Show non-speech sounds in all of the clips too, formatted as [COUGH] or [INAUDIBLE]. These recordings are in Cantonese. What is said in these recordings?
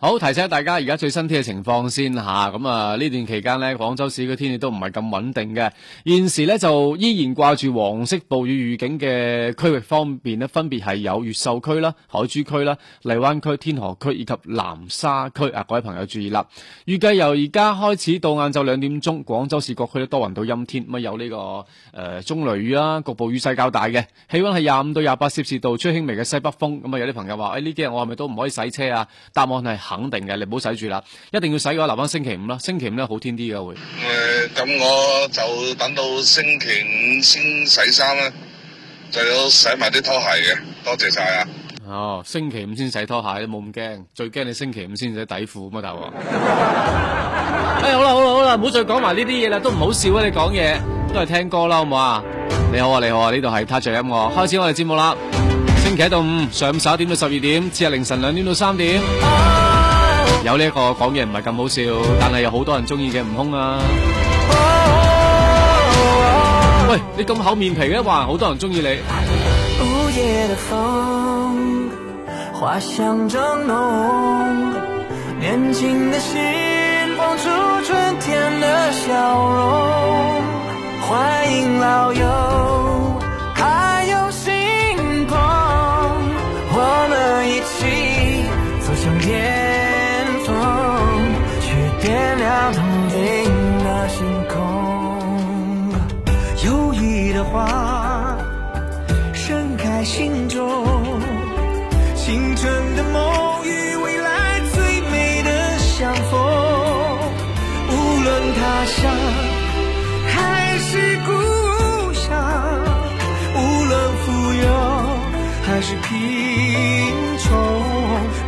好，提醒大家而家最新天嘅情況先吓，咁啊呢段期間咧，廣州市嘅天氣都唔係咁穩定嘅。現時咧就依然掛住黃色暴雨預警嘅區域方面咧，分別係有越秀區啦、海珠區啦、荔灣區、天河區以及南沙區。啊，各位朋友注意啦，預計由而家開始到晏晝兩點鐘，廣州市各區都多雲到陰天，咁啊有呢、這個誒、呃、中雷雨啦，局部雨勢較大嘅。氣溫係廿五到廿八攝氏度，吹輕微嘅西北風。咁啊有啲朋友話，誒呢幾日我係咪都唔可以洗車啊？答案係。肯定嘅，你唔好洗住啦，一定要洗嘅話留翻星期五啦。星期五咧好天啲嘅會。誒、呃，咁我就等到星期五先洗衫啦，就要洗埋啲拖鞋嘅，多謝晒啊！哦，星期五先洗拖鞋都冇咁驚，最驚你星期五先洗底褲咁啊頭。哎， [LAUGHS] 好啦好啦好啦，唔好再講埋呢啲嘢啦，都唔好笑啊！你講嘢都係聽歌啦，好唔好，好啊？你好啊，你好啊，呢度係 Touch 音樂，開始我哋節目啦。星期一到五上午十一點到十二點，次日凌晨兩點到三點。有呢個講嘢唔係咁好笑，但係有好多人中意嘅悟空啊！喂，你咁厚面皮嘅，啊，話好多人中意你。午夜的風花香蒸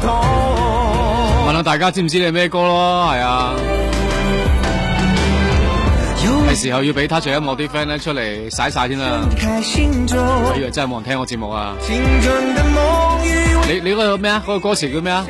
問下大家知唔知你係咩歌咯？係啊，係時候要俾他唱音樂啲 friend 咧出嚟晒晒先啦。我以為真係冇人聽我節目啊！你你嗰個咩啊？嗰、嗰個歌詞叫咩啊？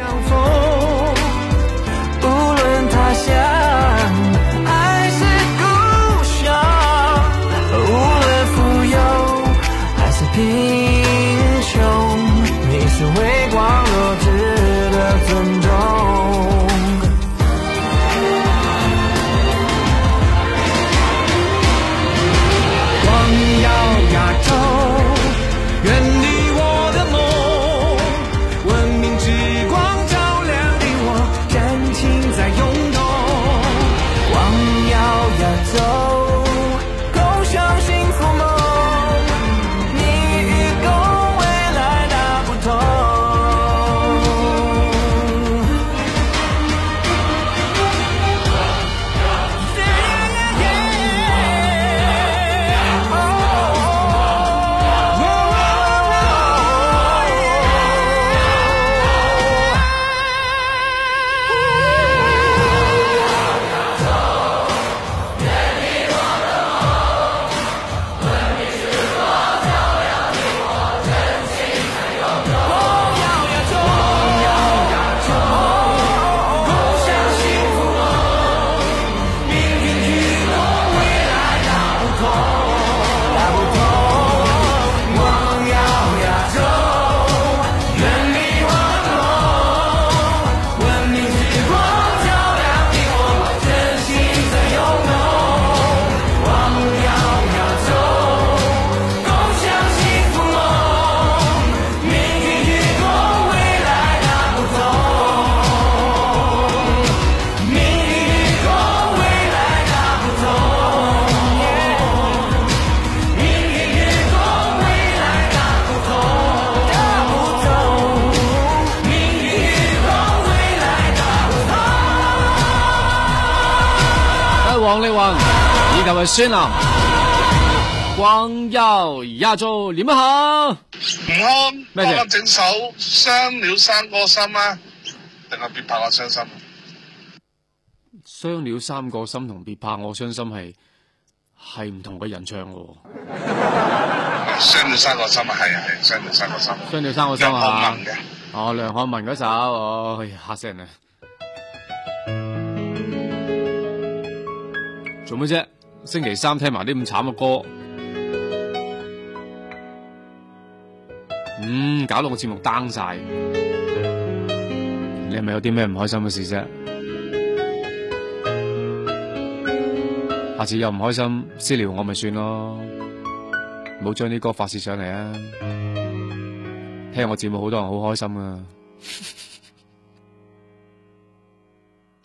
阿孫啊，光耀而家做，你們好。唔安，咩嘢？整首傷了三個心啊！定係別怕我傷心？傷了三個心同別怕我傷心係係唔同嘅人唱嘅。傷了三個心係係傷了三個心，傷了三,三個心啊！哦、啊，梁漢文嗰首哦，哎、嚇死人啊！做咩啫？星期三聽埋啲咁慘嘅歌，嗯，搞到我節目 down 晒。你係咪有啲咩唔開心嘅事啫？下次又唔開心私聊我咪算咯，唔好將啲歌發泄上嚟啊！聽我節目好多人好開心啊！ [LAUGHS]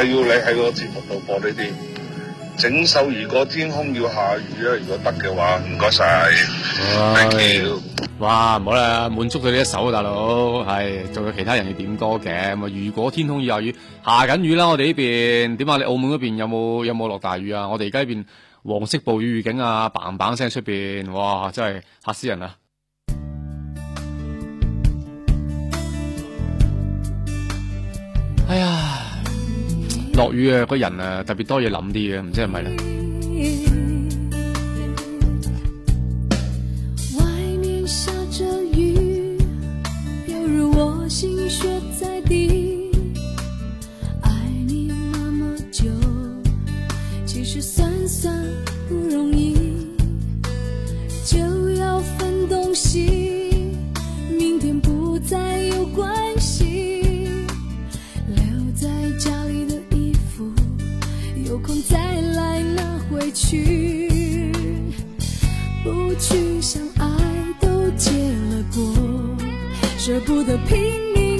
係要你喺個節目度播呢啲，整首如果天空要下雨咧，如果得嘅話，唔該晒，thank you。哇，唔好啦，滿足到呢一首啊，大佬係仲有其他人要點歌嘅。如果天空要下雨，這啊哎、雨下緊雨啦、啊，我哋呢邊點解？你澳門嗰邊有冇有冇落大雨啊？我哋而家呢邊黃色暴雨預警啊嘭嘭聲出邊，哇，真係嚇死人啊！哎呀～落雨啊，個人啊特別多嘢諗啲嘅，唔知係咪咧？嗯嗯外面下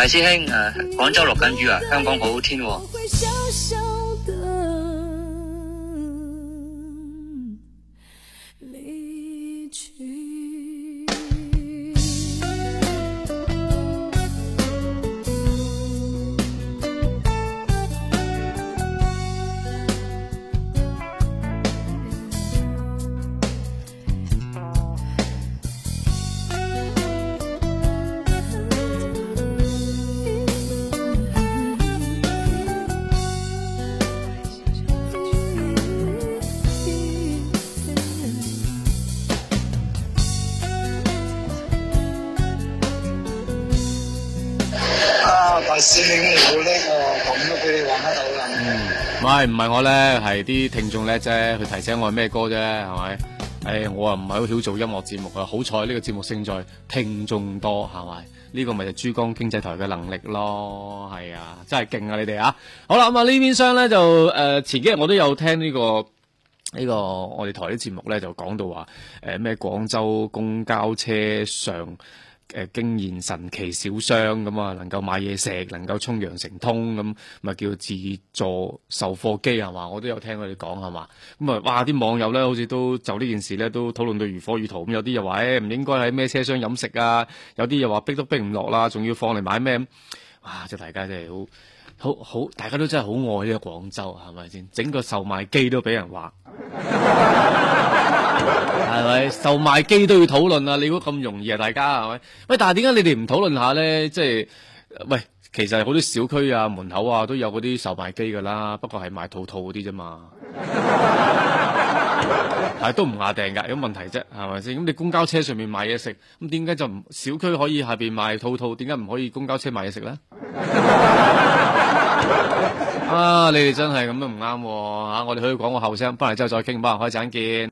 大師兄，廣、呃、廣州落緊雨啊，香港好天喎、哦。司令，我我咁都俾你玩得到啦。嗯，唔係唔係我咧，係啲聽眾叻啫，佢提醒我係咩歌啫，係咪？誒、哎，我啊唔係好曉做音樂節目啊，好彩呢個節目勝在聽眾多，係咪？呢、這個咪就珠江經濟台嘅能力咯，係啊，真係勁啊你哋啊！好啦，咁啊呢邊廂咧就誒、呃，前幾日我都有聽呢、這個呢、這個我哋台啲節目咧，就講到話誒咩廣州公交車上。誒經驗神奇少商，咁啊，能夠買嘢食，能夠充羊城通咁，咪叫自助售貨機係嘛？我都有聽佢哋講係嘛？咁啊，哇！啲網友咧，好似都就呢件事咧，都討論到如火如荼。咁有啲又話誒，唔應該喺咩車廂飲食啊？有啲又話逼都逼唔落啦，仲要放嚟買咩？哇！即係大家真係好，好好，大家都真係好愛呢個廣州係咪先？整個售賣機都俾人話。 [LAUGHS] 售賣機都要討論啊！你估咁容易啊？大家係咪？喂，但係點解你哋唔討論下咧？即係喂，其實好多小區啊、門口啊都有嗰啲售賣機噶啦，不過係賣兔兔嗰啲啫嘛。係、 [LAUGHS] 啊、都唔下訂噶，有乜問題啫？係咪先？咁你公交車上面買嘢食，咁點解就唔小區可以下邊賣兔兔，點解唔可以公交車買嘢食咧？ [LAUGHS] 啊！你哋真係咁都唔啱吓！我哋可以講個後生翻嚟之後再傾，拜拜，開盞見。